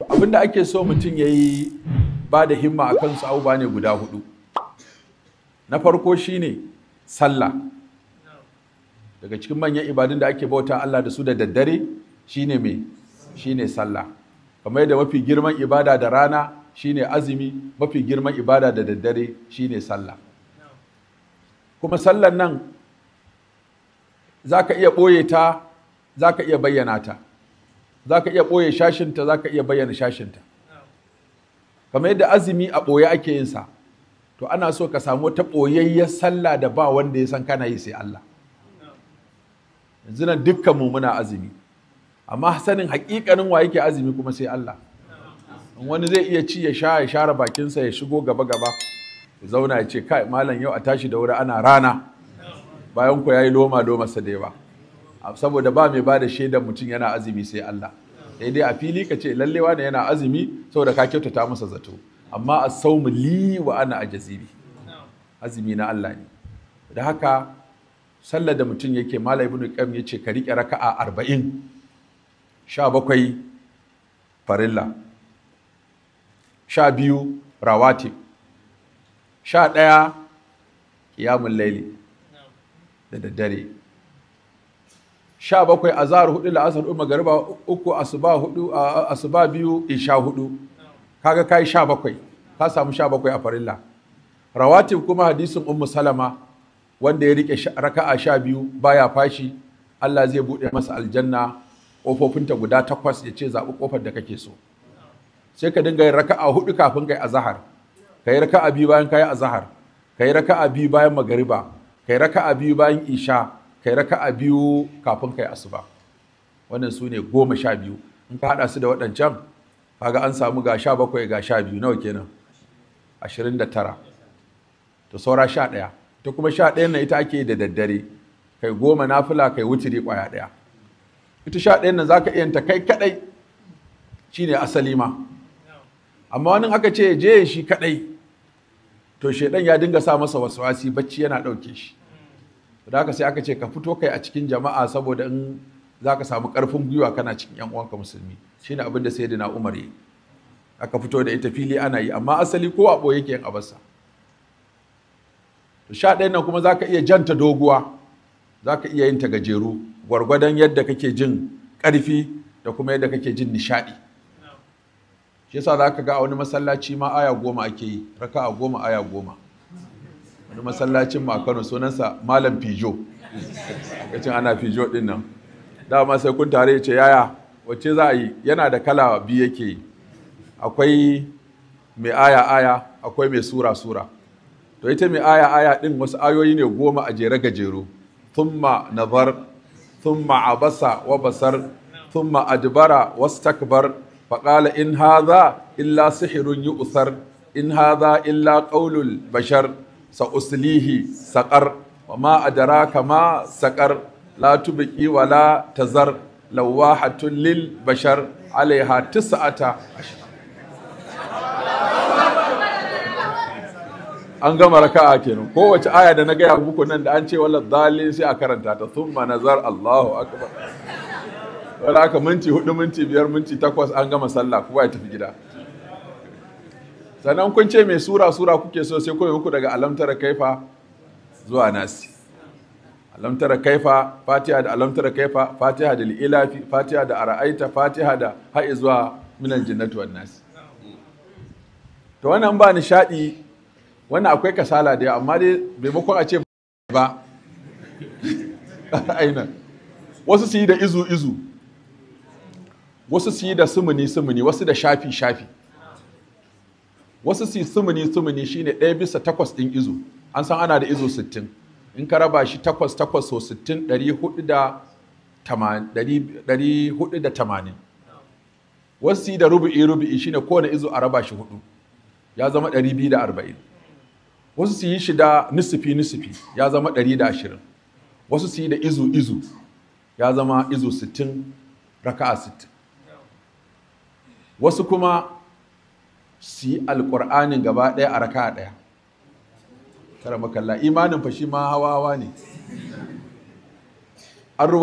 to abinda ake so mutum ya yi ba da himma a kansu ba ne guda hudu na farko shine sallah daga cikin manyan ibadun da ake bauta Allah da su da daddare shine shi shine sallah kamar yadda mafi girman ibada da rana shine azumi mafi girman ibada da daddare shine sallah kuma sallan nan za ka iya ɓoye ta za ka iya bayyana ta za ka iya ɓoye shashinta za ka iya bayyana shashinta kamar yadda azumi a ɓoye ake yin sa to ana so ka samu ta ɓoyayyar sallah da ba wanda ya san kana yi sai Allah yanzu nan dukkan mu muna azumi amma sanin haƙiƙanin wa yake azumi kuma sai Allah wani zai iya ci ya sha ya share bakinsa ya shigo gaba gaba ya zauna ya ce kai malam yau a tashi da wuri ana rana bayan ku yayi loma loma sa da yawa saboda ba mai ba da shaidar mutum yana azumi sai Allah sai dai a fili ka ce lalle wani yana azumi saboda ka kyautata masa zato amma a sau li wa ana jaziri. azumi na Allah ne da haka sallar da mutum yake Malam Ibn Qayyim yace ka rike raka'a 40 17 farilla 12 sha ɗaya qiyamul layli da daddare sha bakwai a zahar hudu la'asar uku magariba uku asuba hudu asuba biyu isha hudu kaga kai sha bakwai ka samu sha bakwai a farilla rawatib kuma hadisin ummu salama wanda ya rike raka'a sha biyu baya fashi Allah zai buɗe masa aljanna ƙofofinta guda takwas ya ce zaɓi kofar da kake so sai ka dinga yin raka'a hudu kafin kai azahar ka yi raka'a biyu bayan kai azahar ka yi raka'a biyu bayan magariba ka yi raka'a biyu bayan isha kai raka'a biyu kafin kai asuba wannan su ne goma sha biyu in ka haɗa su da waɗancan kaga an samu ga sha bakwai ga sha biyu nawa kenan ashirin da tara to saura sha ɗaya ta kuma sha ɗayan na ita ake da daddare kai goma nafila kai wuturi ƙwaya ɗaya ita sha ɗayan nan za ka iya ta kai kaɗai shi ne asali ma amma wani aka ce ya je shi kaɗai to shaidan ya dinga sa masa wasu wasi bacci yana ɗauke shi da haka sai aka ce ka fito kai a cikin jama'a saboda in za ka samu ƙarfin gwiwa kana cikin yan uwanka musulmi shine abin da na Umar yi aka fito da ita fili ana yi amma asali ko a boye yake yin abarsa to sha ɗaya nan kuma za ka iya janta doguwa za ka iya yin ta gajeru gwargwadon yadda kake jin ƙarfi da kuma yadda kake jin nishaɗi shi yasa za ka ga a wani masallaci ma aya goma ake yi raka'a goma aya goma wani masallacin makano sunansa Malam Fijo lokacin ana Fijo din nan dama sai kun tare ya ce yaya wacce za a yi yana da kala biyu yake akwai mai aya aya akwai mai sura sura to ita mai aya aya din wasu ayoyi ne goma a jere gajeru thumma nazar thumma abasa wa basar thumma adbara wastakbar faqala in hadha illa sihrun yu'thar in hadha illa qaulul bashar sa'uslihi saƙar wa ma adraka ma saƙar la tubqi wa tazar lawahatun lil bashar alaiha tis'ata an gama raka'a kenan kowace aya da na gaya muku nan da an ce wala dalil sai a karanta ta thumma nazar Allahu akbar wala aka minti hudu minti biyar minti takwas an gama sallah kowa ya tafi gida sannan kun ce mai sura sura kuke so sai koyi uku daga alamtara kaifa zuwa nasi alamtara kaifa fatiha da alamtara kaifa fatiha da li'ilafi, fatiha da ara'aita fatiha da ha'i zuwa minan jinnatu wa nasi to wannan ba nishadi wannan akwai kasala da amma dai maimakon a ce ba aina wasu su yi da izu izu wasu su yi da sumuni sumuni wasu da shafi shafi wasu si sumuni sumuni shine ɗaya bisa takwas ɗin izo an san ana da izo sittin in ka raba shi takwas takwas so sittin ɗari hudu da tamanin wasu si da rubu'i rubu'i shine kowane izo a raba shi hudu ya zama ɗari biyu da arba'in wasu su yi shi da nisifi nisifi ya zama ɗari da ashirin wasu su yi da izu izu ya zama izu sittin raka'a sittin wasu kuma su yi alƙur'anin gaba ɗaya a raka ɗaya karamakalla imanin fashi ma hawa hawa ne an